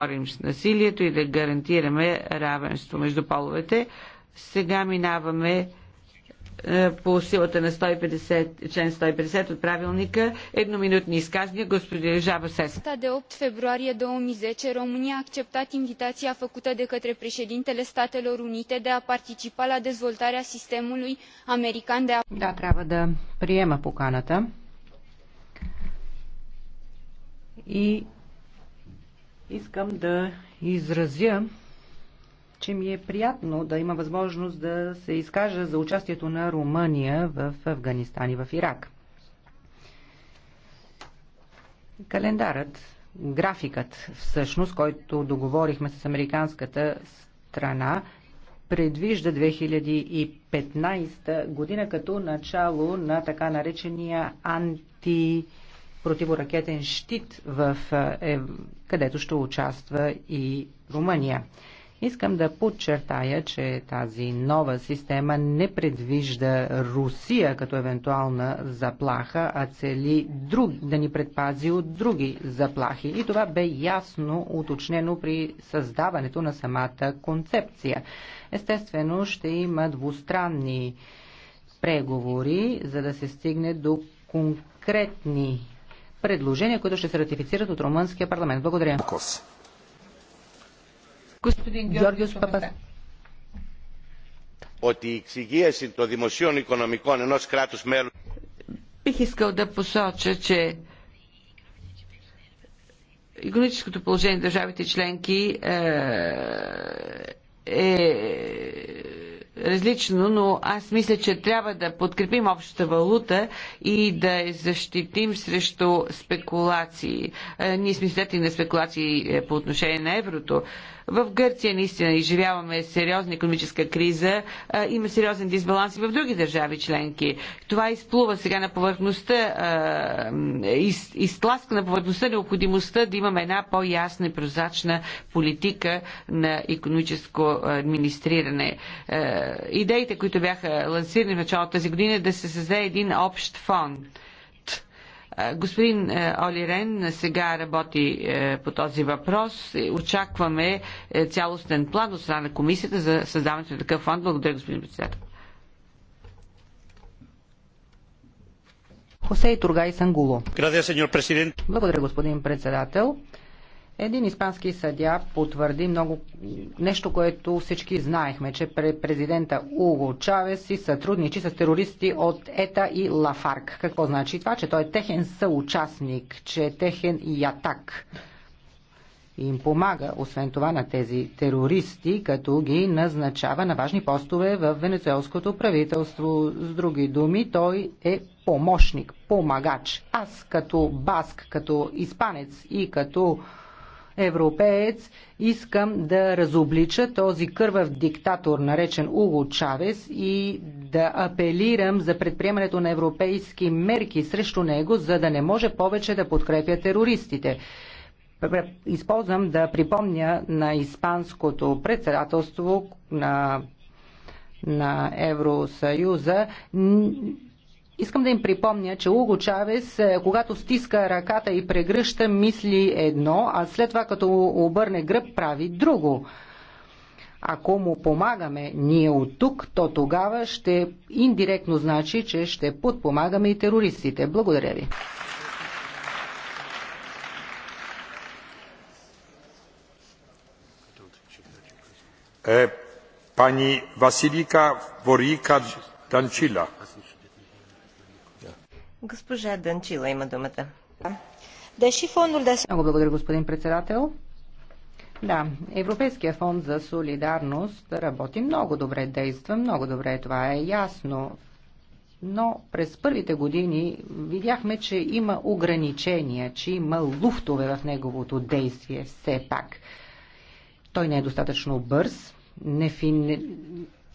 борим с насилието и да гарантираме равенство между половете. Сега минаваме е, по силата на 150, член 150 от правилника едноминутни изказвания. Господин Жаба Сес. ...де 8 februarie 2010, România a acceptat invitația făcută de către președintele Statelor Unite de a participa la dezvoltarea sistemului american de Да, трябва да приема поканата и Искам да изразя, че ми е приятно да има възможност да се изкажа за участието на Румъния в Афганистан и в Ирак. Календарът, графикът всъщност, който договорихме с американската страна, предвижда 2015 година като начало на така наречения анти противоракетен щит, в, е, е, където ще участва и Румъния. Искам да подчертая, че тази нова система не предвижда Русия като евентуална заплаха, а цели друг, да ни предпази от други заплахи. И това бе ясно уточнено при създаването на самата концепция. Естествено, ще има двустранни преговори, за да се стигне до конкретни предложения, които ще се ратифицират от Румънския парламент. Благодаря. Господин Георгиус Папас. Ότι η εξυγίαση των δημοσίων οικονομικών ενός κράτους μέλους... Бих искал да посоча, че економическото положение на държавите членки е, е различно, но аз мисля, че трябва да подкрепим общата валута и да я защитим срещу спекулации. Е, ние сме свидетели на спекулации е, по отношение на еврото. В Гърция наистина изживяваме сериозна економическа криза, има сериозен дисбаланс и в други държави членки. Това изплува сега на повърхността, из, изтласка на повърхността необходимостта да имаме една по-ясна и прозрачна политика на економическо администриране. Идеите, които бяха лансирани в началото тази година, да се създаде един общ фонд Господин е, Оли Рен сега работи е, по този въпрос. Е, очакваме цялостен план от страна на комисията за създаването на такъв фонд. Благодаря, господин председател. Хосе Тургай Сангуло. Благодаря, господин председател. Един испански съдя потвърди много нещо, което всички знаехме, че президента Уго Чавес си сътрудничи с терористи от ЕТА и Лафарк. Какво значи това? Че той е техен съучастник, че е техен ятак. И им помага, освен това, на тези терористи, като ги назначава на важни постове в венецуелското правителство. С други думи, той е помощник, помагач. Аз като баск, като испанец и като европеец, искам да разоблича този кървав диктатор, наречен Уго Чавес, и да апелирам за предприемането на европейски мерки срещу него, за да не може повече да подкрепя терористите. Използвам да припомня на испанското председателство на на Евросъюза Искам да им припомня, че Уго Чавес, е, когато стиска ръката и прегръща, мисли едно, а след това като обърне гръб прави друго. Ако му помагаме ние от тук, то тогава ще индиректно значи, че ще подпомагаме и терористите. Благодаря ви. Е, пани Василика Ворика Данчила. Госпожа Данчила има думата. Много благодаря, господин председател. Да, Европейския фонд за солидарност работи много добре, действа много добре, това е ясно. Но през първите години видяхме, че има ограничения, че има луфтове в неговото действие все пак. Той не е достатъчно бърз, не, фин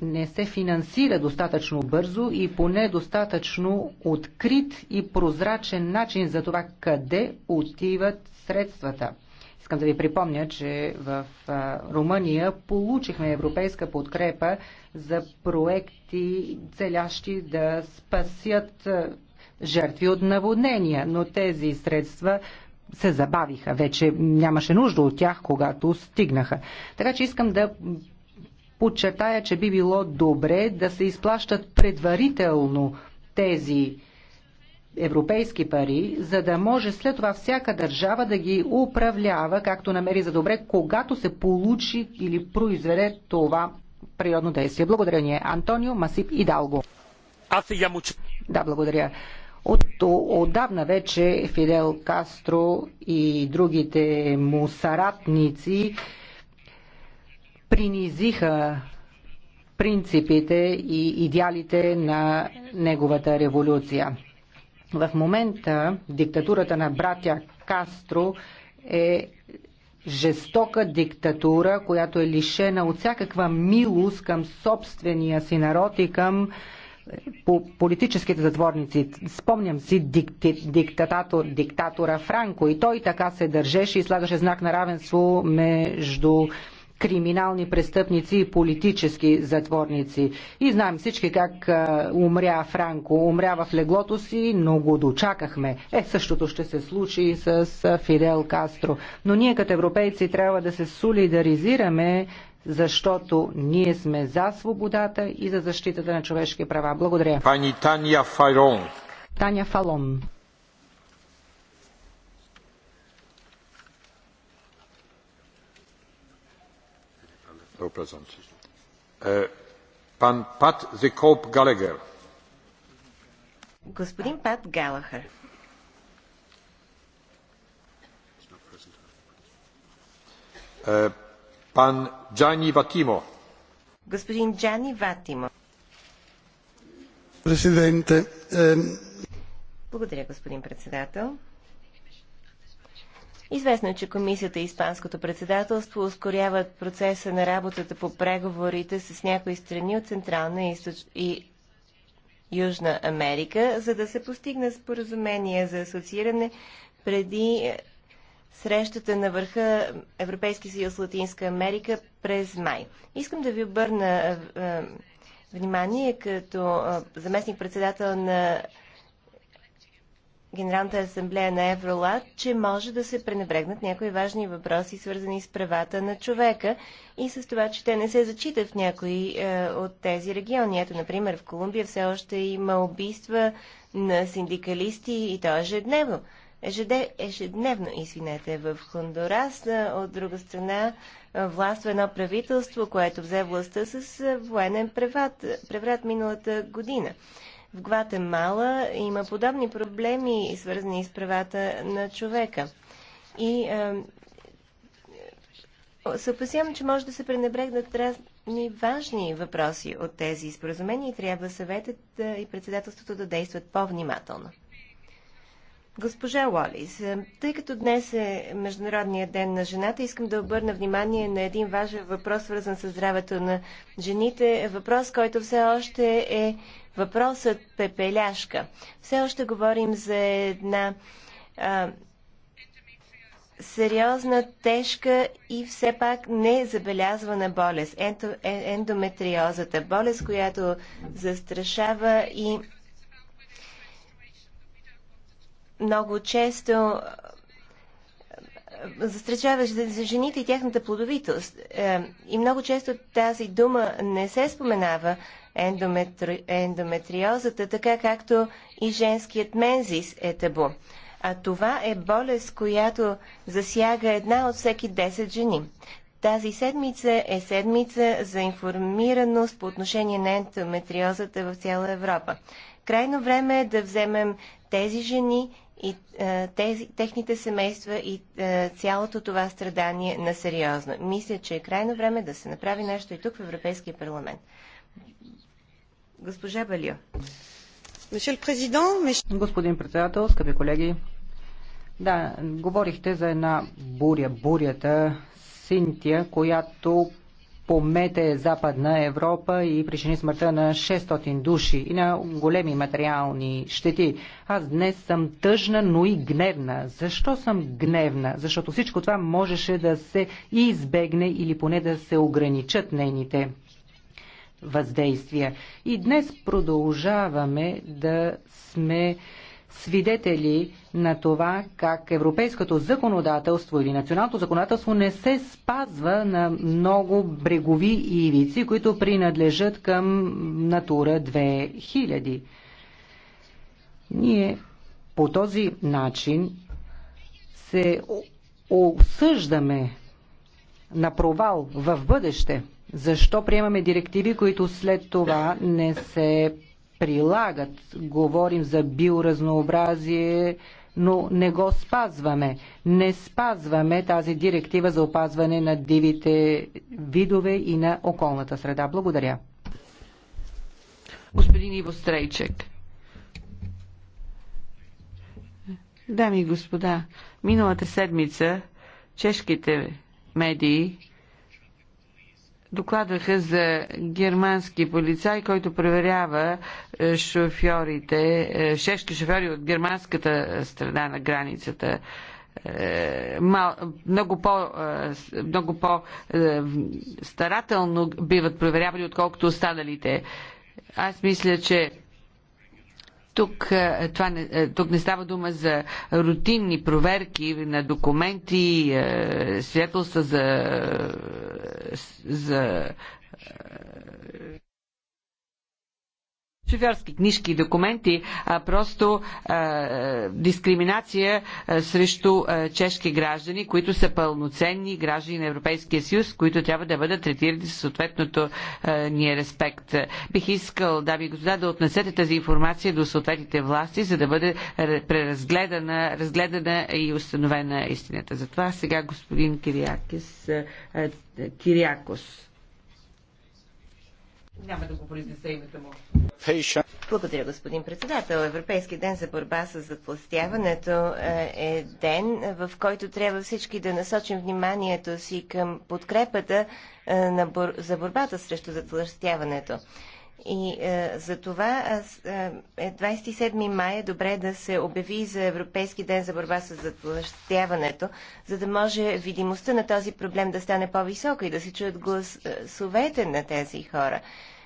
не се финансира достатъчно бързо и поне достатъчно открит и прозрачен начин за това къде отиват средствата. Искам да ви припомня, че в Румъния получихме европейска подкрепа за проекти, целящи да спасят жертви от наводнения, но тези средства се забавиха. Вече нямаше нужда от тях, когато стигнаха. Така че искам да подчертая, че би било добре да се изплащат предварително тези европейски пари, за да може след това всяка държава да ги управлява както намери за добре, когато се получи или произведе това природно действие. Благодаря ни е Антонио Масип Идалго. Аз Да, благодаря. От, отдавна вече Фидел Кастро и другите му саратници принизиха принципите и идеалите на неговата революция. В момента диктатурата на братя Кастро е жестока диктатура, която е лишена от всякаква милост към собствения си народ и към е, по политическите затворници. Спомням си диктатор, диктатора Франко и той така се държеше и слагаше знак на равенство между криминални престъпници и политически затворници. И знаем всички как умря Франко. Умря в леглото си, но го дочакахме. Е, същото ще се случи и с Фидел Кастро. Но ние като европейци трябва да се солидаризираме защото ние сме за свободата и за защитата на човешки права. Благодаря. Пани Таня Таня Фалон. Пан Пат Зекоп Галагер. Господин Пат Галахър. Е, пан Джани Ватимо. Господин Джани Ватимо. Президенте. Е, Благодаря, господин председател. Известно е, че комисията и Испанското председателство ускоряват процеса на работата по преговорите с някои страни от Централна и, и Южна Америка, за да се постигне споразумение за асоцииране преди е, срещата на върха Европейски съюз Латинска Америка през май. Искам да ви обърна е, е, внимание като заместник-председател на Генералната асамблея на Евролат, че може да се пренебрегнат някои важни въпроси, свързани с правата на човека и с това, че те не се зачитат в някои е, от тези региони. Ето, например, в Колумбия все още има убийства на синдикалисти и то ежедневно. Ежеде, ежедневно, извинете, в Хондурас. Е, от друга страна, властва едно правителство, което взе властта с е, военен преврат, преврат миналата година. В Гватемала има подобни проблеми, свързани с правата на човека. И а, е, се опасявам, че може да се пренебрегнат разни важни въпроси от тези споразумения и трябва съветът е, и председателството да действат по-внимателно. Госпожа Лолис, е, тъй като днес е Международният ден на жената, искам да обърна внимание на един важен въпрос, свързан с здравето на жените. Въпрос, който все още е въпросът пепеляшка. Все още говорим за една а, сериозна, тежка и все пак незабелязвана болест. Е, ендометриозата. Болест, която застрашава и много често застречаваш за жените и тяхната плодовитост. Е, и много често тази дума не се споменава ендометри... ендометриозата, така както и женският мензис е табу. А това е болест, която засяга една от всеки 10 жени. Тази седмица е седмица за информираност по отношение на ендометриозата в цяла Европа. Крайно време е да вземем тези жени и а, е, тези, техните семейства и а, е, цялото това страдание на сериозно. Мисля, че е крайно време да се направи нещо и тук в Европейския парламент. Госпожа Балио. Господин председател, скъпи колеги, да, говорихте за една буря, бурята Синтия, която помете Западна Европа и причини смъртта на 600 души и на големи материални щети. Аз днес съм тъжна, но и гневна. Защо съм гневна? Защото всичко това можеше да се избегне или поне да се ограничат нейните въздействия. И днес продължаваме да сме свидетели на това как европейското законодателство или националното законодателство не се спазва на много брегови ивици, които принадлежат към Натура 2000. Ние по този начин се осъждаме на провал в бъдеще. Защо приемаме директиви, които след това не се прилагат. Говорим за биоразнообразие, но не го спазваме. Не спазваме тази директива за опазване на дивите видове и на околната среда. Благодаря. Господин Иво Стрейчек. Дами и господа, миналата седмица чешките медии докладваха за германски полицай, който проверява е, шофьорите, е, шешки шофьори от германската страна на границата. Е, мал, много, по, много по старателно биват проверявани, отколкото останалите. Аз мисля, че тук, е, това не, е, тук не става дума за рутинни проверки на документи, е, свидетелства за, за шофьорски книжки и документи, а просто а, дискриминация а, срещу а, чешки граждани, които са пълноценни граждани на Европейския съюз, които трябва да бъдат третирани с съответното а, ние респект. Бих искал, дами и господа, да отнесете тази информация до съответните власти, за да бъде преразгледана разгледана и установена истината. Затова сега господин Кириакис, а, е, Кириакос. Няма да го произнеса името му. Благодаря, господин председател. Европейски ден за борба с затластяването е, е ден, в който трябва всички да насочим вниманието си към подкрепата е, на за борбата срещу затластяването. И е, за това аз, е, 27 е, май е добре да се обяви за Европейски ден за борба с затлъщяването, за да може видимостта на този проблем да стане по-висока и да се чуят гласовете на тези хора.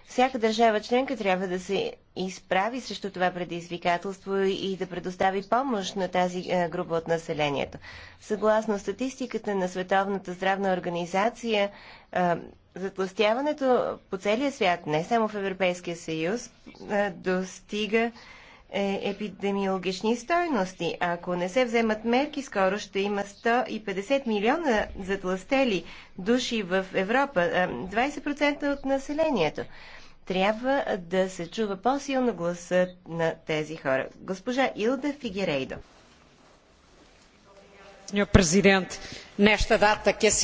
Всяка държава членка трябва да се изправи срещу това предизвикателство и да предостави помощ на тази е, група от населението. Съгласно статистиката на Световната здравна организация, е, затластяването по целия свят, не само в Европейския съюз, достига е, епидемиологични стойности. Ако не се вземат мерки, скоро ще има 150 милиона затластели души в Европа, 20% от населението. Трябва да се чува по-силно гласът на тези хора. Госпожа Илда Фигерейдо.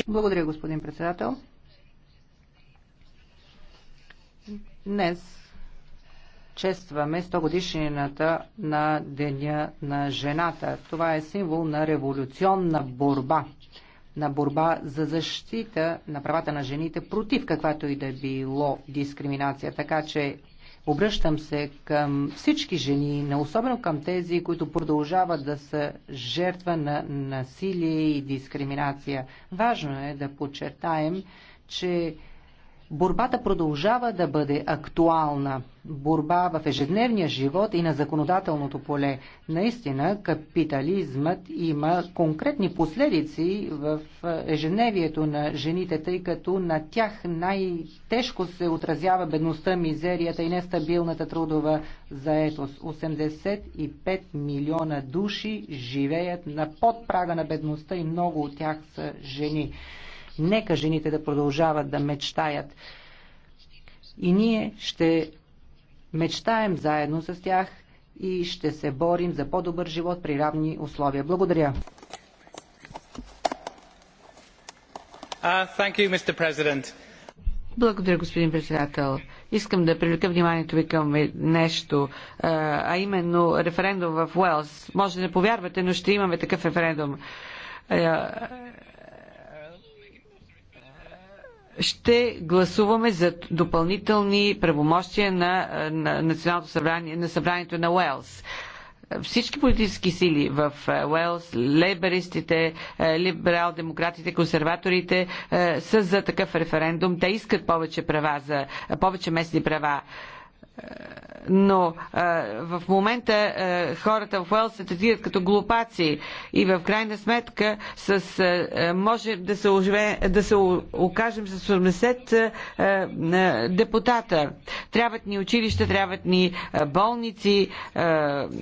Благодаря, господин председател. Днес честваме 100 годишнината на Деня на жената. Това е символ на революционна борба на борба за защита на правата на жените против каквато и да било дискриминация. Така че обръщам се към всички жени, не особено към тези, които продължават да са жертва на насилие и дискриминация. Важно е да подчертаем, че Борбата продължава да бъде актуална. Борба в ежедневния живот и на законодателното поле. Наистина, капитализмът има конкретни последици в е, ежедневието на жените, тъй като на тях най-тежко се отразява бедността, мизерията и нестабилната трудова заетост. 85 милиона души живеят на подпрага на бедността и много от тях са жени. Нека жените да продължават да мечтаят. И ние ще мечтаем заедно с тях и ще се борим за по-добър живот при равни условия. Благодаря. Uh, Благодаря, господин председател. Искам да привлека вниманието ви към нещо, а именно референдум в Уелс. Може да не повярвате, но ще имаме такъв референдум ще гласуваме за допълнителни правомощия на, на Националното събрание, на събранието на Уелс всички политически сили в е, Уелс, лейбаристите, е, либерал-демократите, консерваторите е, са за такъв референдум. Те искат повече права за повече местни права но а, в момента а, хората в Уелс се третират като глупаци и в крайна сметка с, а, може да се, оживе, да се окажем с 80 а, а, депутата. Трябват ни училища, трябват ни а, болници а,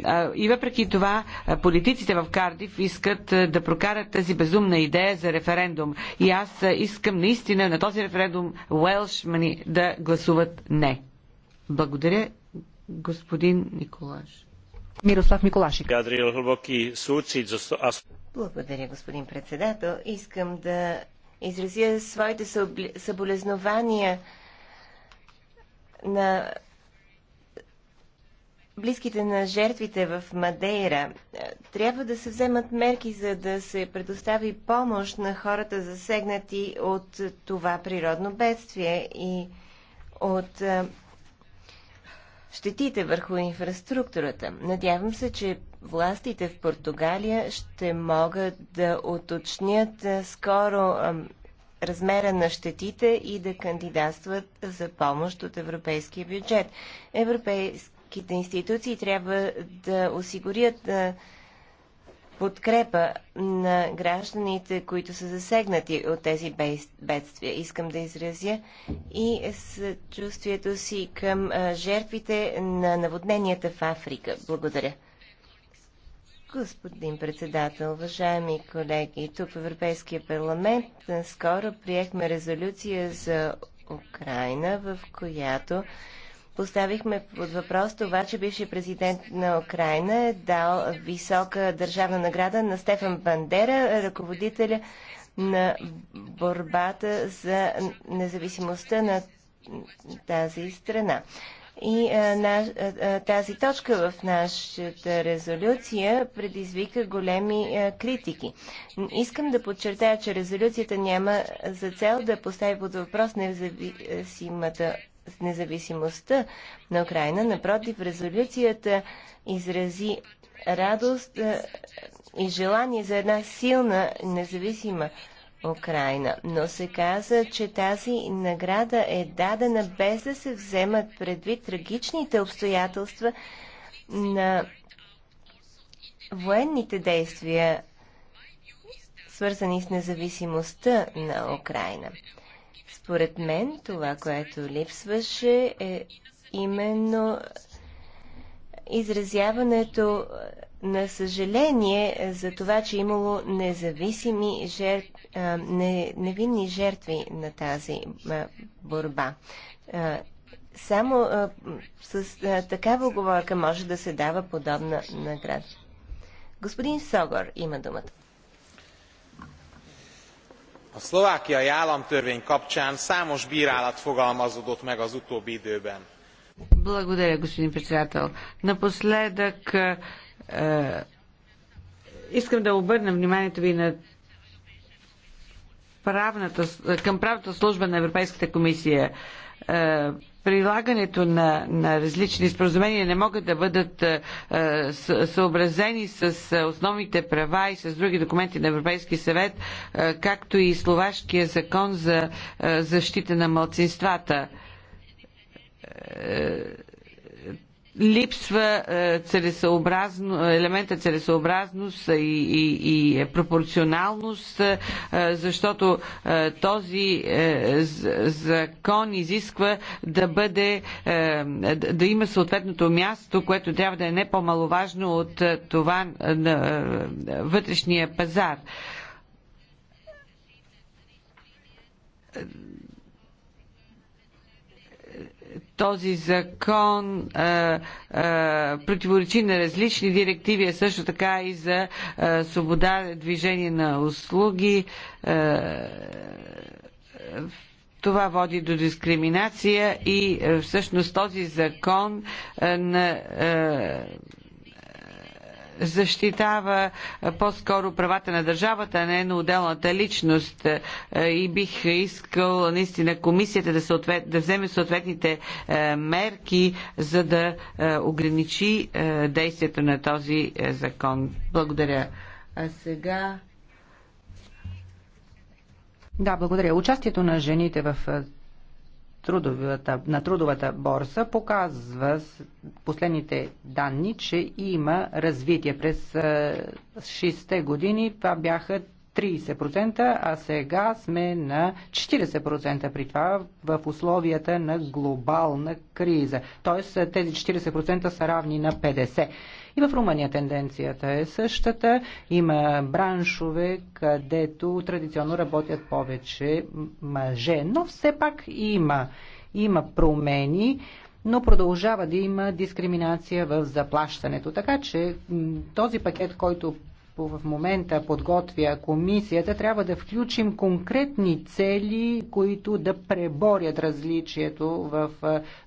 а, и въпреки това а, политиците в Кардив искат а, да прокарат тази безумна идея за референдум и аз а, искам наистина на този референдум Уелшмани да гласуват не. Благодаря, господин Николаш. Мирослав Миколашик. Благодаря, господин председател. Искам да изразя своите съболезнования на близките на жертвите в Мадейра. Трябва да се вземат мерки, за да се предостави помощ на хората засегнати от това природно бедствие и от щетите върху инфраструктурата. Надявам се, че властите в Португалия ще могат да уточнят скоро размера на щетите и да кандидатстват за помощ от европейския бюджет. Европейските институции трябва да осигурят подкрепа на гражданите, които са засегнати от тези бедствия. Искам да изразя и съчувствието си към жертвите на наводненията в Африка. Благодаря. Господин председател, уважаеми колеги, тук в Европейския парламент скоро приехме резолюция за Украина, в която Поставихме под въпрос това, че бивши президент на Украина е дал висока държавна награда на Стефан Бандера, ръководителя на борбата за независимостта на тази страна. И а, а, тази точка в нашата резолюция предизвика големи а, критики. Искам да подчертая, че резолюцията няма за цел да постави под въпрос независимата независимостта на Украина. Напротив, резолюцията изрази радост е, и желание за една силна, независима Украина. Но се каза, че тази награда е дадена без да се вземат предвид трагичните обстоятелства на военните действия, свързани с независимостта на Украина. Според мен това, което липсваше е именно изразяването на съжаление за това, че е имало независими жертв, не, невинни жертви на тази борба. само с такава оговорка може да се дава подобна награда. Господин Согор има думата a szlovákiai államtörvény kapcsán számos brálat fogalmazódott meg az utóbbi időben. Е, е, искам да обърна вниманието ви на правната, към правната служба на Европейската комисия. Е, прилагането на, на различни споразумения не могат да бъдат е, е съобразени с е, основните права и с други документи на Европейски съвет, е, както и словашкия закон за е, защита на малцинствата. Е, липсва е, целесообразно, елемента целесообразност и, и, и е пропорционалност, е, защото този закон изисква да бъде, да има съответното място, което трябва да е не по-маловажно от това на вътрешния пазар този закон а, е, а, е, противоречи на различни директиви, а също така и за а, е, свобода движение на услуги. А, това води до дискриминация и всъщност този закон а, на. А, защитава по-скоро правата на държавата, а не на отделната личност. И бих искал наистина комисията да, съответ, да вземе съответните мерки, за да ограничи действието на този закон. Благодаря. А сега. Да, благодаря. Участието на жените в трудовата, на трудовата борса показва последните данни, че има развитие. През 60 те години това бяха 30%, а сега сме на 40% при това в условията на глобална криза. Тоест тези 40% са равни на 50%. И в Румъния тенденцията е същата. Има браншове, където традиционно работят повече мъже, но все пак има, има промени но продължава да има дискриминация в заплащането. Така че този пакет, който в момента подготвя комисията, трябва да включим конкретни цели, които да преборят различието в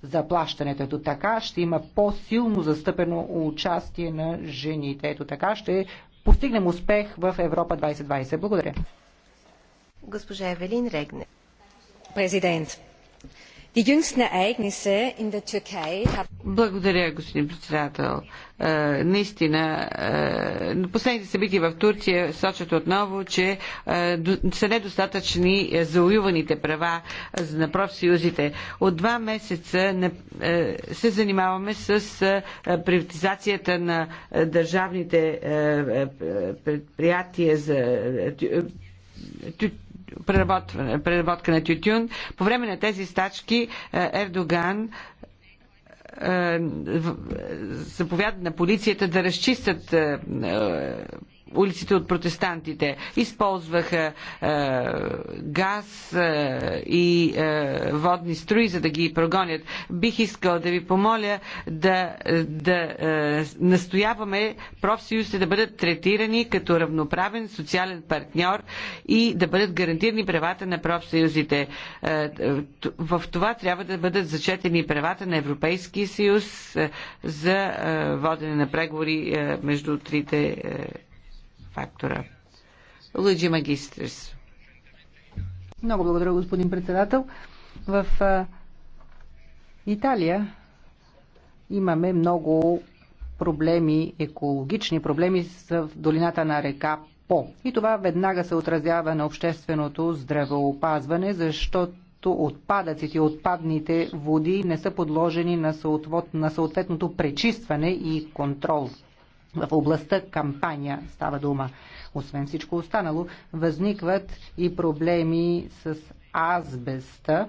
заплащането. Ето така ще има по-силно застъпено участие на жените. Ето така ще постигнем успех в Европа 2020. Благодаря. Госпожа Евелин Регне. Президент. Благодаря, господин председател. Е, наистина, е, последните събития в Турция сочат отново, че е, са недостатъчни заоюваните права на профсъюзите. От два месеца се занимаваме с приватизацията на държавните предприятия за преработка на тютюн. По време на тези стачки е, Ердоган е, заповяда на полицията да разчистят е, улиците от протестантите. Използваха е, газ е, и е, водни струи, за да ги прогонят. Бих искал да ви помоля да, да е, настояваме профсъюзите да бъдат третирани като равноправен социален партньор и да бъдат гарантирани правата на профсъюзите. Е, в това трябва да бъдат зачетени правата на Европейския съюз е, за е, водене на преговори е, между трите е, фактора. Лъджи магистрис. Много благодаря, господин председател. В Италия имаме много проблеми, екологични проблеми в долината на река По. И това веднага се отразява на общественото здравеопазване, защото отпадъците, отпадните води не са подложени на съответното пречистване и контрол в областта кампания става дума. Освен всичко останало, възникват и проблеми с азбеста.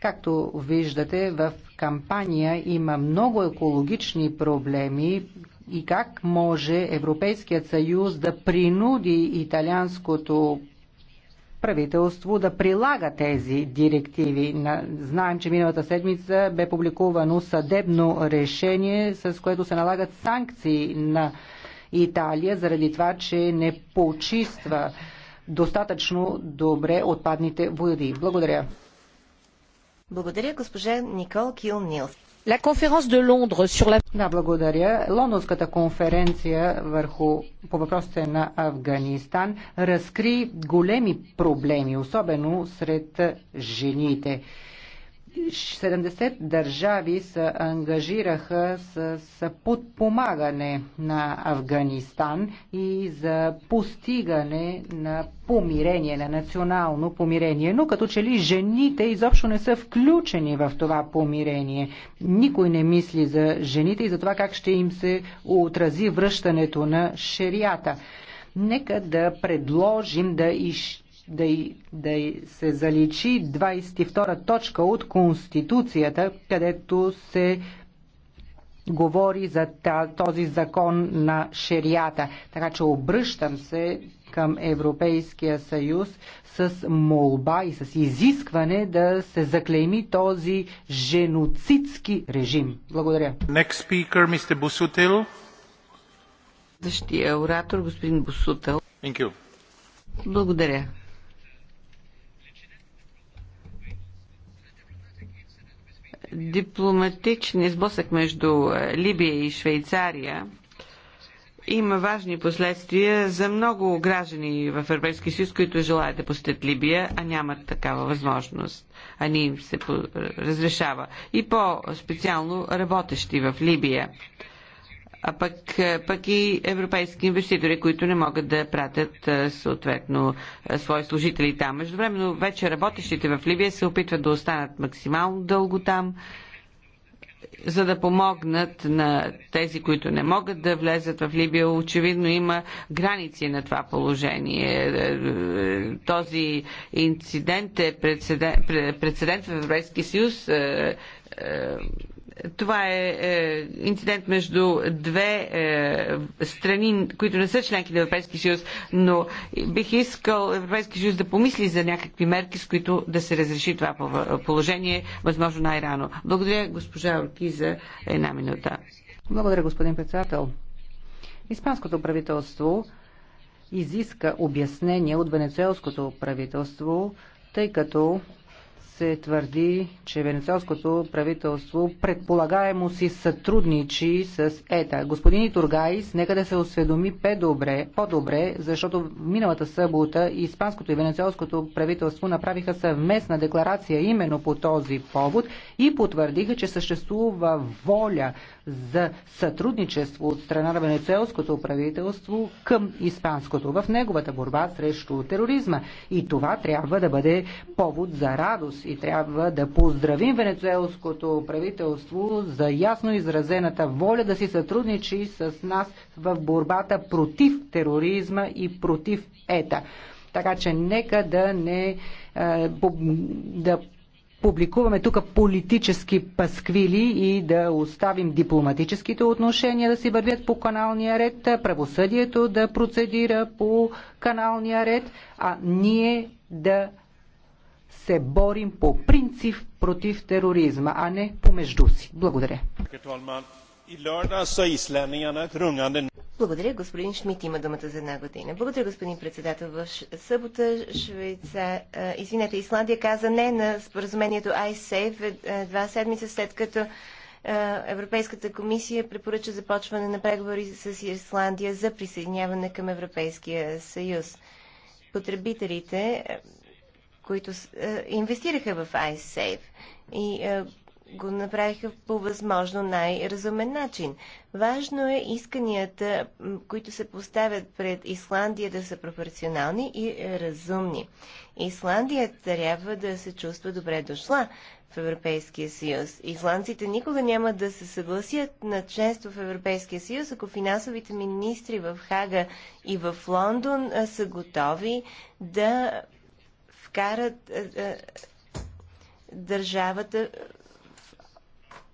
Както виждате, в кампания има много екологични проблеми и как може Европейският съюз да принуди италианското правителство да прилага тези директиви. Знаем, че миналата седмица бе публикувано съдебно решение, с което се налагат санкции на Италия заради това, че не почиства достатъчно добре отпадните води. Благодаря. Благодаря, госпожа Никол Кил Нилс. La conférence de Londres sur la... Да, благодаря. Лондонската конференция върху, по въпросите на Афганистан разкри големи проблеми, особено сред жените. 70 държави се ангажираха с, с подпомагане на Афганистан и за постигане на помирение, на национално помирение. Но като че ли жените изобщо не са включени в това помирение. Никой не мисли за жените и за това как ще им се отрази връщането на шерията. Нека да предложим да изчезнем да, да се заличи 22 точка от Конституцията, където се говори за този закон на шерията. Така че обръщам се към Европейския съюз с молба и с изискване да се заклейми този женоцидски режим. Благодаря. Next speaker, Mr. Бусутил. Дъщия оратор, господин Бусутел. Благодаря. дипломатичния сблъсък между е, Либия и Швейцария има важни последствия за много граждани в Европейския съюз, които желаят да посетят Либия, а нямат такава възможност, а ни им се разрешава. И по-специално работещи в Либия а пък, е, пък и европейски инвеститори, които не могат да пратят е, съответно е, свои служители там. Междувременно вече работещите в Ливия се опитват да останат максимално дълго там, за да помогнат на тези, които не могат да влезат в Либия. Очевидно има граници на това положение. Този инцидент е прецедент, прецедент в Европейския съюз това е, е инцидент между две е, страни, които не са членки на Европейския съюз, но бих искал Европейския съюз да помисли за някакви мерки, с които да се разреши това положение, възможно най-рано. Благодаря госпожа Орки за една минута. Благодаря, господин председател. Испанското правителство изиска обяснение от венецуелското правителство, тъй като се твърди, че венецианското правителство предполагаемо си сътрудничи с ЕТА. Господин Итургайс, нека да се осведоми по-добре, по-добре, защото миналата събота испанското и венецианското правителство направиха съвместна декларация именно по този повод и потвърдиха, че съществува воля за сътрудничество от страна на венецианското правителство към испанското в неговата борба срещу тероризма. И това трябва да бъде повод за радост и трябва да поздравим венецуелското правителство за ясно изразената воля да си сътрудничи с нас в борбата против тероризма и против ета. Така че нека да не да публикуваме тук политически пасквили и да оставим дипломатическите отношения да си вървят по каналния ред, правосъдието да процедира по каналния ред, а ние да се борим по принцип против тероризма, а не помежду си. Благодаря. Благодаря, господин Шмидт има думата за една година. Благодаря, господин председател. В събота Швейца, извинете, Исландия каза не на споразумението ISAFE е, два седмица след като Европейската комисия препоръча започване на преговори с Исландия за присъединяване към Европейския съюз. Потребителите които е, инвестираха в iSafe и е, го направиха по възможно най-разумен начин. Важно е исканията, които се поставят пред Исландия да са професионални и разумни. Исландия трябва да се чувства добре дошла в Европейския съюз. Исландците никога няма да се съгласят на членство в Европейския съюз, ако финансовите министри в Хага и в Лондон са готови да вкарат е, е, държавата в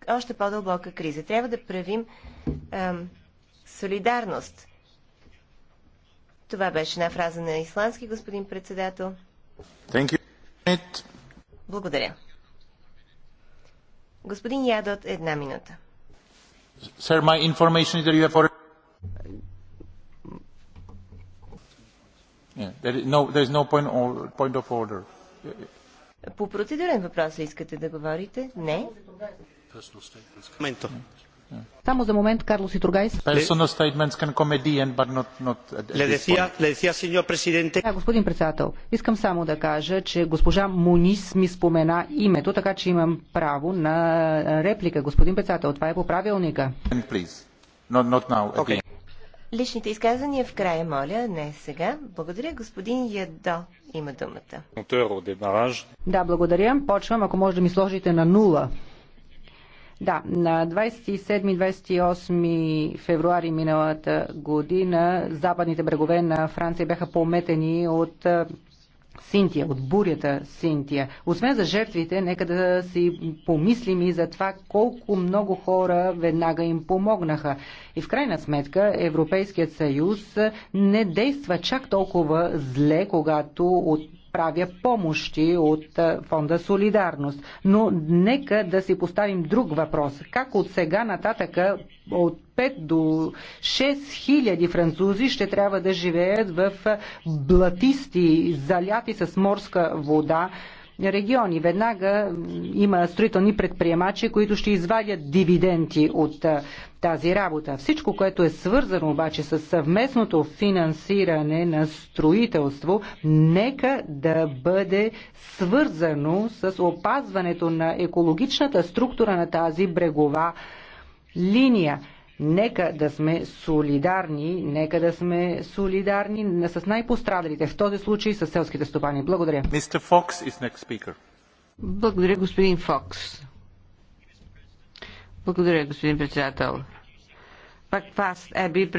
още по-дълбока криза. Трябва да правим солидарност. Това беше една фраза на исландски, господин председател. Thank you. Благодаря. Господин Ядот, една минута. Sir, my information is that you have already... По процедурен въпрос искате да говорите? Не. Само за момент, Карлос Итургайс. Да, господин председател, искам само да кажа, че госпожа Мунис ми спомена името, така че имам право на реплика. Господин председател, това е по правилника. Not, not now, okay. Личните изказвания в края, моля, не сега. Благодаря, господин Ядо. Има думата. Да, благодаря. Почвам, ако може да ми сложите на нула. Да, на 27-28 февруари миналата година западните брегове на Франция бяха пометени от Синтия, от бурята Синтия. Освен за жертвите, нека да си помислим и за това колко много хора веднага им помогнаха. И в крайна сметка Европейският съюз не действа чак толкова зле, когато от Правя помощи от Фонда Солидарност. Но нека да си поставим друг въпрос. Как от сега нататъка от 5 до 6 хиляди французи ще трябва да живеят в блатисти, заляти с морска вода региони. Веднага има строителни предприемачи, които ще извадят дивиденти от тази работа. Всичко, което е свързано обаче с съвместното финансиране на строителство, нека да бъде свързано с опазването на екологичната структура на тази брегова линия. Нека да сме солидарни, нека да сме солидарни с най-пострадалите, в този случай с селските стопани. Благодаря. Мистер Фокс is next speaker. Благодаря, господин Фокс. Благодаря, господин председател. Пак Паквас Еби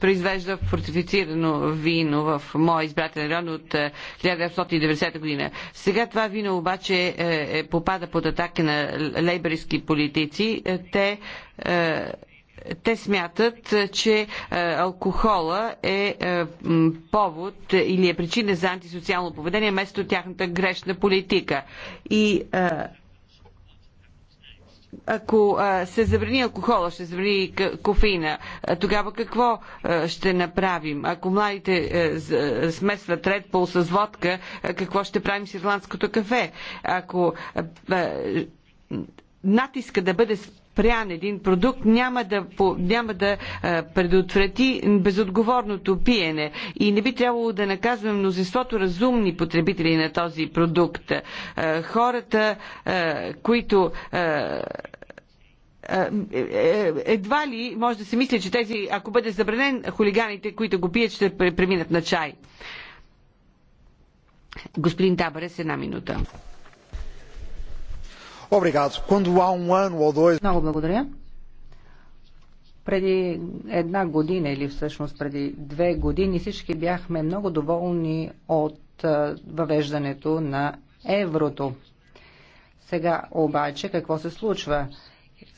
произвежда фортифицирано вино в моя избрателен район от 1990 е, година. Сега това вино обаче е, е, попада под атаки на лейбърски политици. Е, те е, те смятат, че е, алкохола е, е повод или е причина за антисоциално поведение, вместо тяхната грешна политика. И е, ако се забрани алкохола, ще забрани кофеина, тогава какво ще направим? Ако младите смесват редпол Bull с водка, какво ще правим с ирландското кафе? Ако натиска да бъде прян, един продукт няма да, няма да е, предотврати безотговорното пиене и не би трябвало да наказваме мнозинството разумни потребители на този продукт. Е, хората, е, които едва ли може да се мисли, че тези, ако бъде забранен, хулиганите, които го пият, ще преминат на чай. Господин Табарес, една минута. Um много благодаря. Преди една година или всъщност преди две години всички бяхме много доволни от въвеждането на еврото. Сега обаче какво се случва?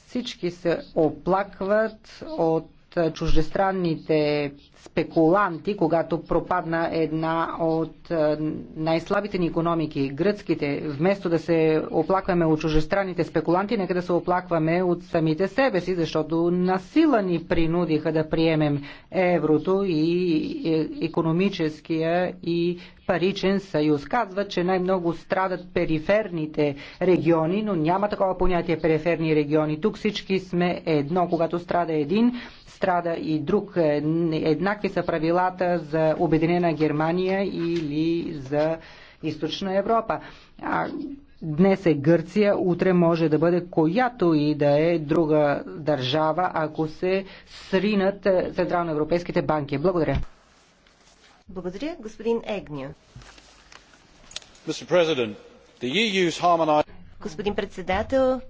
Всички се оплакват от чуждестранните спекуланти, когато пропадна една от е, най-слабите ни економики, гръцките. Вместо да се оплакваме от чужестранните спекуланти, нека да се оплакваме от самите себе си, защото насила ни принудиха да приемем еврото и е, економическия и паричен съюз. Казва, че най-много страдат периферните региони, но няма такова понятие периферни региони. Тук всички сме едно. Когато страда един, страда и друг. Еднакви са правилата за Обединена Германия или за Източна Европа. А Днес е Гърция, утре може да бъде която и да е друга държава, ако се сринат централноевропейските банки. Благодаря. Благодаря, господин Егния. E господин председател,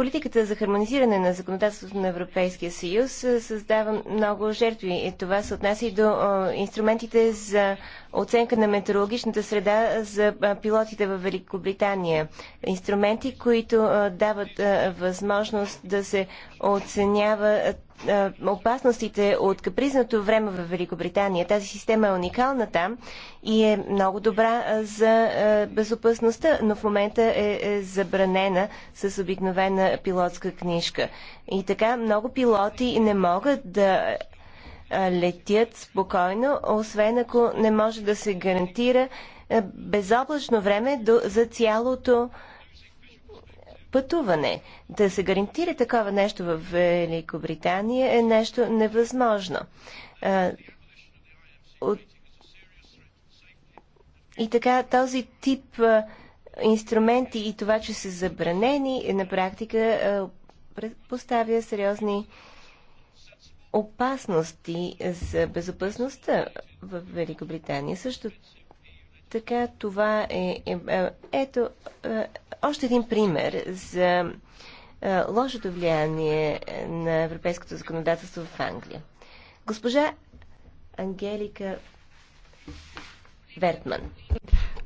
Политиката за хармонизиране на законодателството на Европейския съюз е, създава много жертви. И това се отнася и до инструментите за оценка на метеорологичната среда за пилотите в Великобритания. Инструменти, които дават възможност да се оценяват е, опасностите от капризното време в Великобритания. Тази система е уникална там и е много добра е, за е, безопасността, но в момента е забранена с обикновена пилотска книжка. И така много пилоти не могат да летят спокойно, освен ако не може да се гарантира безоблачно време за цялото пътуване. Да се гарантира такова нещо в Великобритания е нещо невъзможно. От... И така, този тип инструменти и това, че са забранени, е на практика поставя сериозни опасности за безопасността в Великобритания. Също така това е, е, е ето е, още един пример за лошото влияние на европейското законодателство в Англия. Госпожа Ангелика Вертман.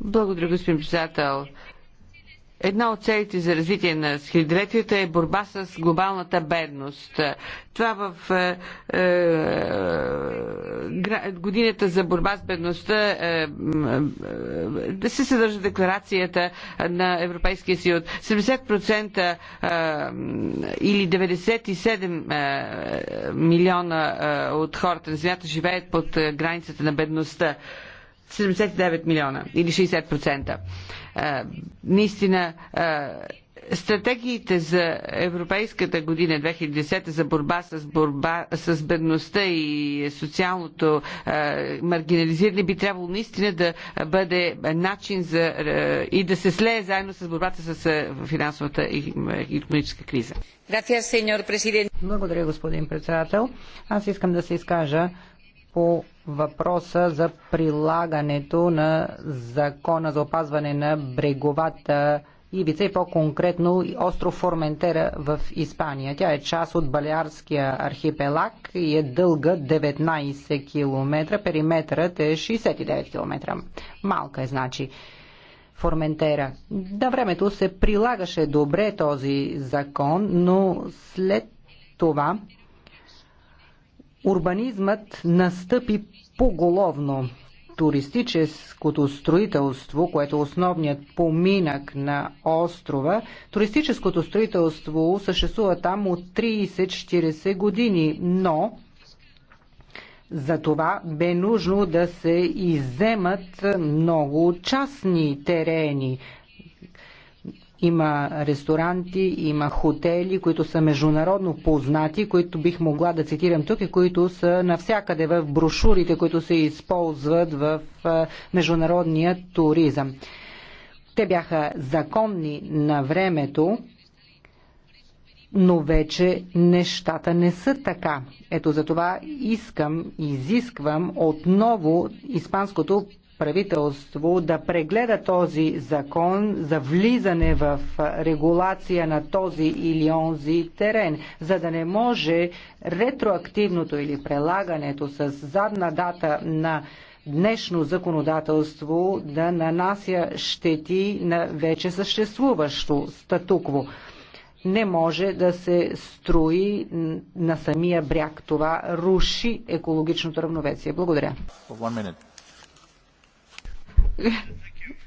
Благодаря, господин председател. Една от целите за развитие на хилядолетията е борба с глобалната бедност. Това в е, е, годината за борба с бедността е, е, се съдържа декларацията на Европейския съюз. 70% е, или 97 е, милиона е, от хората на земята живеят под е, границата на бедността. Е, 79 милиона или 60%. Е, наистина е, стратегиите за Европейската година 2010 за борба с, борба, с бедността и социалното е, маргинализиране би трябвало наистина да бъде начин за, и да се слее заедно с борбата с финансовата и економическа криза. Благодаря, господин председател. Аз искам да се изкажа по въпроса за прилагането на закона за опазване на бреговата ивица и по-конкретно остров Форментера в Испания. Тя е част от Балиарския архипелаг и е дълга 19 км. Периметърът е 69 км. Малка е значи. Форментера. На времето се прилагаше добре този закон, но след това Урбанизмът настъпи поголовно. Туристическото строителство, което е основният поминък на острова, туристическото строителство съществува там от 30-40 години, но за това бе нужно да се иземат много частни терени. Има ресторанти, има хотели, които са международно познати, които бих могла да цитирам тук и които са навсякъде в брошурите, които се използват в международния туризъм. Те бяха законни на времето, но вече нещата не са така. Ето за това искам, изисквам отново Испанското правителство да прегледа този закон за влизане в регулация на този или онзи терен, за да не може ретроактивното или прелагането с задна дата на днешно законодателство да нанася щети на вече съществуващо статукво. Не може да се строи на самия бряг. Това руши екологичното равновесие. Благодаря.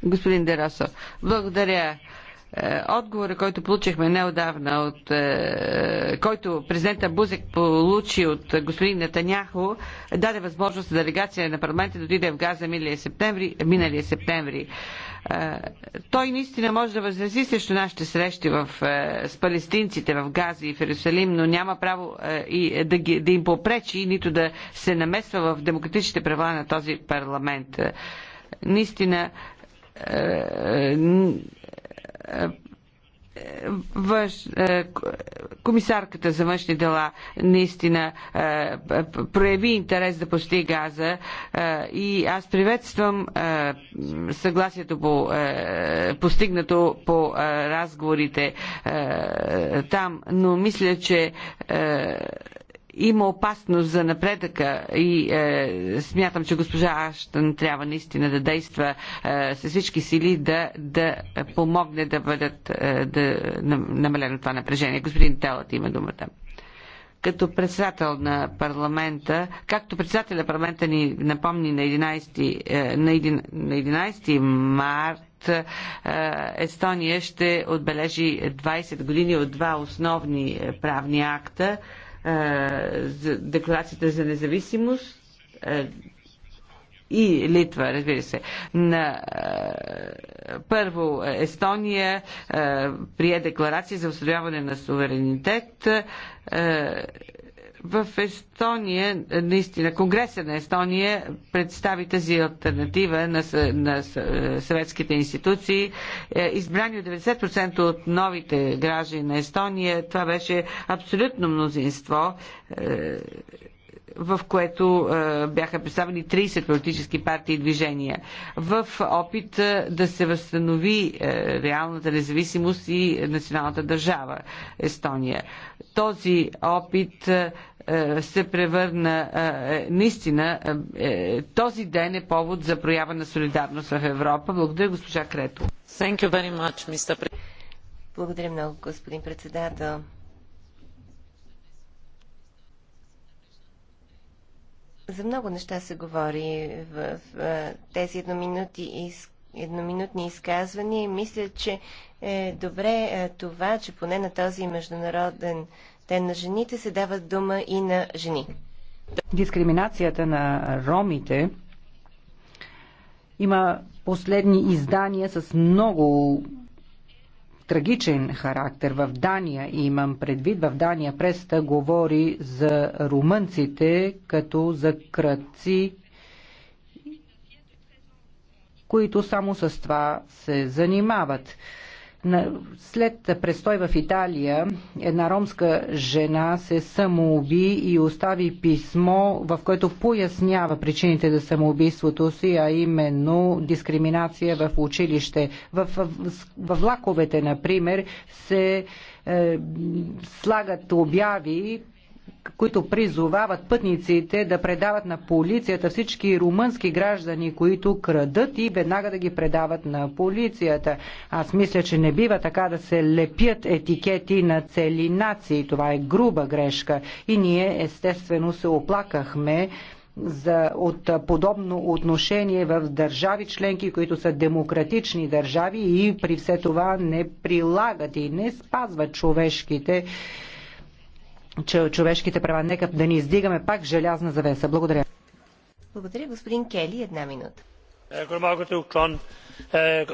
Господин Дерасо, благодаря. Е, отговора, който получихме неодавна, от, е, който президента Бузек получи от господин Натаняхо, даде възможност делегация на парламента да отиде в Газа миналия септември. Миналия септември. Е, той наистина може да възрази срещу нашите срещи в, с палестинците в Газа и в Иерусалим, но няма право и, да, ги, да им попречи, нито да се намесва в демократичните права на този парламент наистина е, е, е, въж, комисарката за външни дела наистина прояви интерес да пости газа и аз приветствам съгласието по постигнато по разговорите там, но мисля, че има опасност за напредъка и е, смятам, че госпожа Аштън трябва наистина да действа е, с всички сили да, да помогне да бъдат е, да намалено това напрежение. Господин Телът има думата като председател на парламента, както председателя на парламента ни напомни на 11, е, на 11, на 11 март, е, Естония ще отбележи 20 години от два основни е, правни акта за декларацията за независимост и Литва, разбира се. На, първо, Естония прие декларация за установяване на суверенитет в Естония, наистина, Конгреса на Естония представи тази альтернатива на, на съветските институции. Е, избрани от 90% от новите граждани на Естония, това беше абсолютно мнозинство е, в което е, бяха представени 30 политически партии и движения, в опит е, да се възстанови е, реалната независимост и националната държава Естония. Този опит се превърна наистина този ден е повод за проява на солидарност в Европа. Благодаря госпожа Крето. Благодаря много, господин председател. За много неща се говори в, в тези едноминути из, едноминутни изказвания и мисля, че е добре това, че поне на този международен ден на жените се дава дума и на жени. Дискриминацията на ромите има последни издания с много трагичен характер. В Дания имам предвид, в Дания преста говори за румънците като за кръци, които само с това се занимават. След престой в Италия една ромска жена се самоуби и остави писмо, в което пояснява причините за самоубийството си, а именно дискриминация в училище. В, в, в влаковете, например, се е, слагат обяви, които призовават пътниците да предават на полицията всички румънски граждани, които крадат и веднага да ги предават на полицията. Аз мисля, че не бива така да се лепят етикети на цели нации. Това е груба грешка. И ние естествено се оплакахме за, от подобно отношение в държави членки, които са демократични държави и при все това не прилагат и не спазват човешките човешките права. Нека да ни издигаме пак желязна завеса. Благодаря. Благодаря, господин Кели. Една минута. Е, е,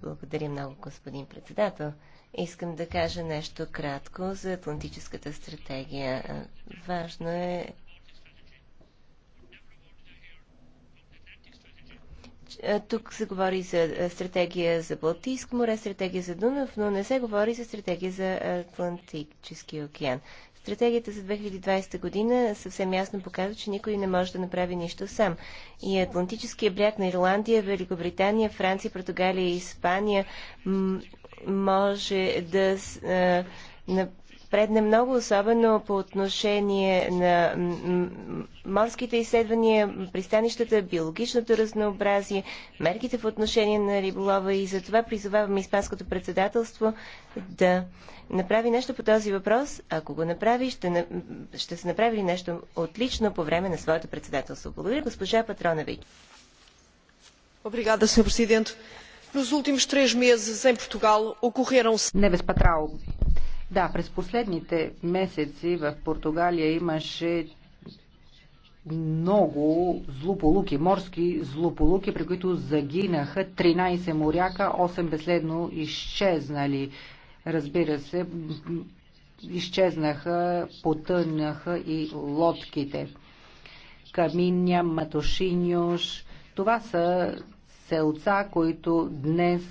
Благодаря много, господин председател. Искам да кажа нещо кратко за Атлантическата стратегия. Важно е Е, тук се говори за е, стратегия за Балтийско море, стратегия за Дунав, но не се говори за стратегия за Атлантическия океан. Стратегията за 2020 година съвсем ясно показва, че никой не може да направи нищо сам. И Атлантическия бряг на Ирландия, Великобритания, Франция, Португалия и Испания може да е, напредне много, особено по отношение на морските изследвания, пристанищата, биологичното разнообразие, мерките в отношение на риболова и затова призоваваме Испанското председателство да направи нещо по този въпрос. Ако го направи, ще, на... ще се направи нещо отлично по време на своето председателство. Благодаря, госпожа Патронавич. Obrigada, Sr. Presidente. Nos últimos três meses, em Portugal, ocorreram-se... Neves да, през последните месеци в Португалия имаше много злополуки, морски злополуки, при които загинаха 13 моряка, 8 безследно изчезнали. Разбира се, изчезнаха, потънаха и лодките. Каминя, Матошиньош. Това са селца, които днес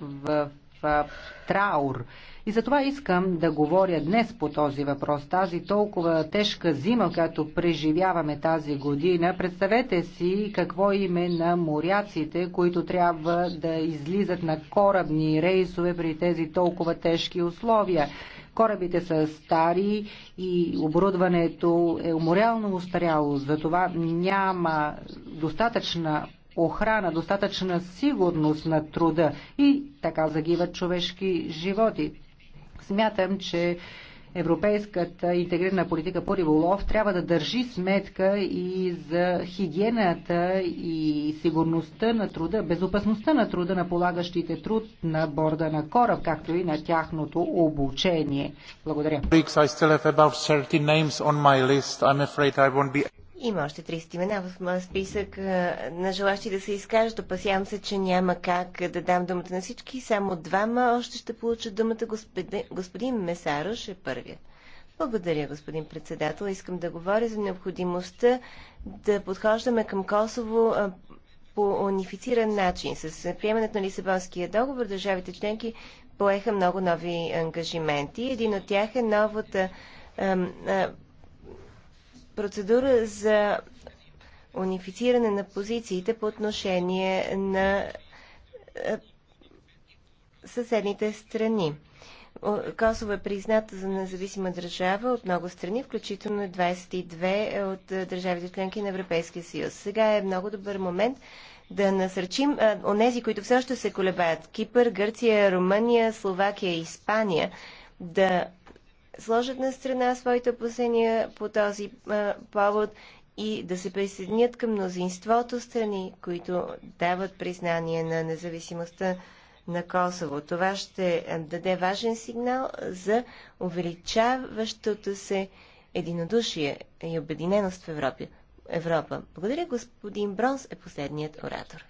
в траур. И затова искам да говоря днес по този въпрос. Тази толкова тежка зима, която преживяваме тази година, представете си какво име на моряците, които трябва да излизат на корабни рейсове при тези толкова тежки условия. Корабите са стари и оборудването е уморялно устаряло, затова няма достатъчна охрана, достатъчна сигурност на труда и така загиват човешки животи. Смятам, че европейската интегрирана политика по риболов трябва да държи сметка и за хигиената и сигурността на труда, безопасността на труда на полагащите труд на борда на кораб, както и на тяхното обучение. Благодаря. Има още 30 имена в моя списък на желащи да се изкажат. Опасявам се, че няма как да дам думата на всички. Само двама още ще получат думата. Господи... Господин Месарош е първият. Благодаря, господин председател. Искам да говоря за необходимостта да подхождаме към Косово по унифициран начин. С приемането на Лисабонския договор държавите членки поеха много нови ангажименти. Един от тях е новата процедура за унифициране на позициите по отношение на е, съседните страни. Косово е призната за независима държава от много страни, включително 22 от е, държавите членки на Европейския съюз. Сега е много добър момент да насърчим е, онези, които все още се колебаят Кипър, Гърция, Румъния, Словакия и Испания да сложат на страна своите опасения по този а, повод и да се присъединят към мнозинството страни, които дават признание на независимостта на Косово. Това ще даде важен сигнал за увеличаващото се единодушие и обединеност в Европа. Европа. Благодаря, господин Бронс е последният оратор.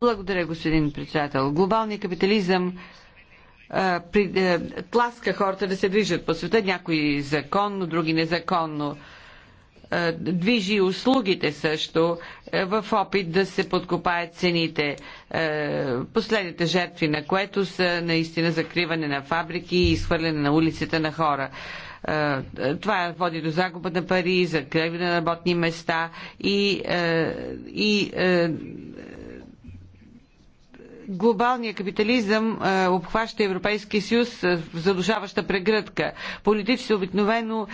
Благодаря, господин председател. Глобалният капитализъм е, тласка хората да се движат по света, някои законно, други незаконно. Движи услугите също е, в опит да се подкопаят цените. Е, последните жертви на което са наистина закриване на фабрики и изхвърляне на улицата на хора. Това води до загуба на пари, закриване на работни места и, и глобалният капитализъм е, обхваща Европейския съюз е, в задушаваща прегръдка. Политиците обикновено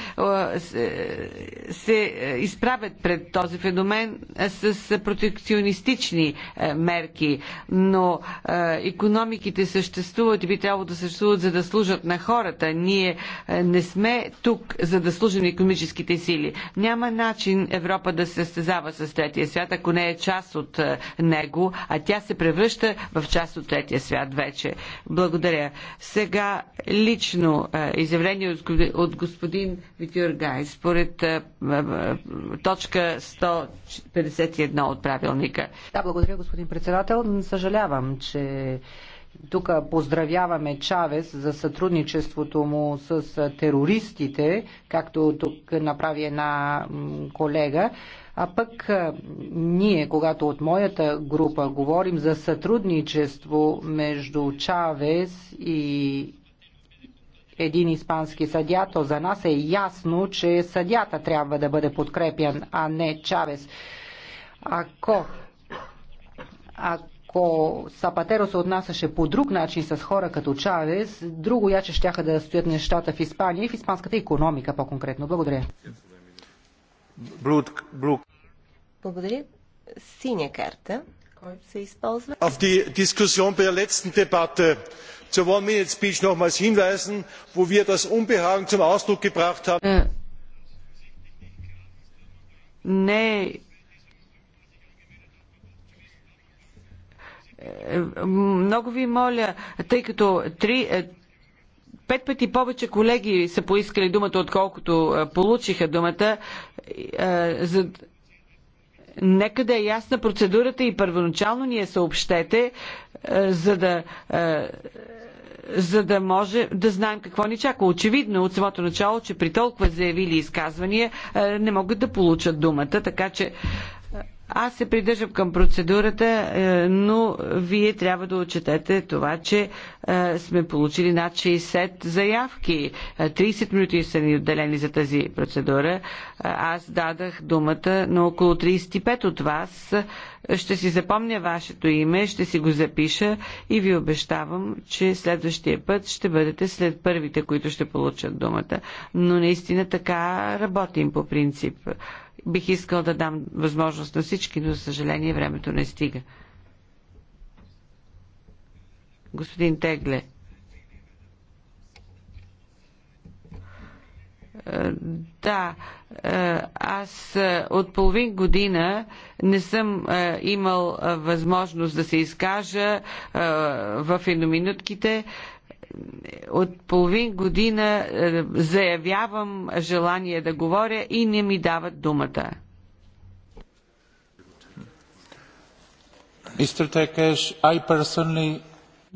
е, се, се изправят пред този феномен с, е, с протекционистични е, мерки, но економиките съществуват и би трябвало да съществуват за да служат на хората. Ние е, не сме тук за да служим на економическите сили. Няма начин Европа да се състезава с третия свят, ако не е част от него, а тя се превръща в част от третия свят вече. Благодаря. Сега лично е, изявление от господин Витюргай според е, е, точка 151 от правилника. Да, благодаря господин председател. Съжалявам, че тук поздравяваме Чавес за сътрудничеството му с терористите, както тук направи една колега. А пък ние, когато от моята група говорим за сътрудничество между Чавес и един испански съдя, то за нас е ясно, че съдята трябва да бъде подкрепян, а не Чавес. Ако, ако Сапатеро се отнасяше по друг начин с хора като Чавес, друго яче тяха да стоят нещата в Испания и в испанската економика по-конкретно. Благодаря. Благодаря. Синя карта. се използва? Auf die Diskussion bei der letzten Debatte zur One-Minute-Speech nochmals hinweisen, wo wir das Unbehagen zum Ausdruck gebracht haben. Не много ви моля, тъй като три, Пет пъти повече колеги са поискали думата, отколкото е, получиха думата. Е, за... Нека да е ясна процедурата и първоначално ние съобщете, е, за да за да може да знаем какво ни чака. Очевидно от самото начало, че при толкова заявили изказвания не могат да получат думата, така че аз се придържам към процедурата, е, но вие трябва да отчетете това, че е, сме получили над 60 заявки. 30 е, минути са ни отделени за тази процедура. Аз дадах думата на около 35 от вас. Ще си запомня вашето име, ще си го запиша и ви обещавам, че следващия път ще бъдете след първите, които ще получат думата. Но наистина така работим по принцип. Бих искал да дам възможност на всички, но за съжаление времето не стига. Господин Тегле. Е, да, е, аз е, от половин година не съм имал възможност да се изкажа в едноминутките. минутките от половин година е, заявявам желание да говоря и не ми дават думата.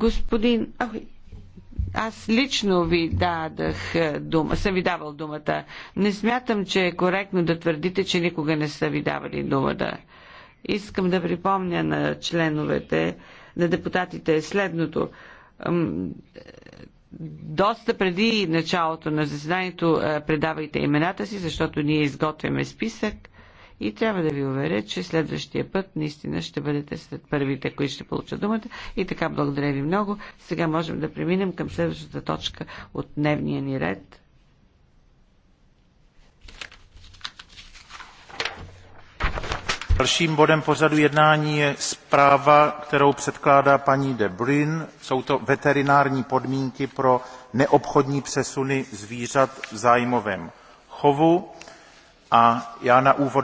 Господин, аз лично ви дадах е, дума, съм ви давал думата. Не смятам, че е коректно да твърдите, че никога не са ви давали думата. Искам да припомня на членовете, на депутатите следното доста преди началото на заседанието предавайте имената си, защото ние изготвяме списък и трябва да ви уверя, че следващия път наистина ще бъдете след първите, които ще получат думата. И така, благодаря ви много. Сега можем да преминем към следващата точка от дневния ни ред. Dalším bodem pořadu jednání je zpráva, kterou předkládá paní de Bruyne. Jsou to veterinární podmínky pro neobchodní přesuny zvířat v zájmovém chovu. A já na úvod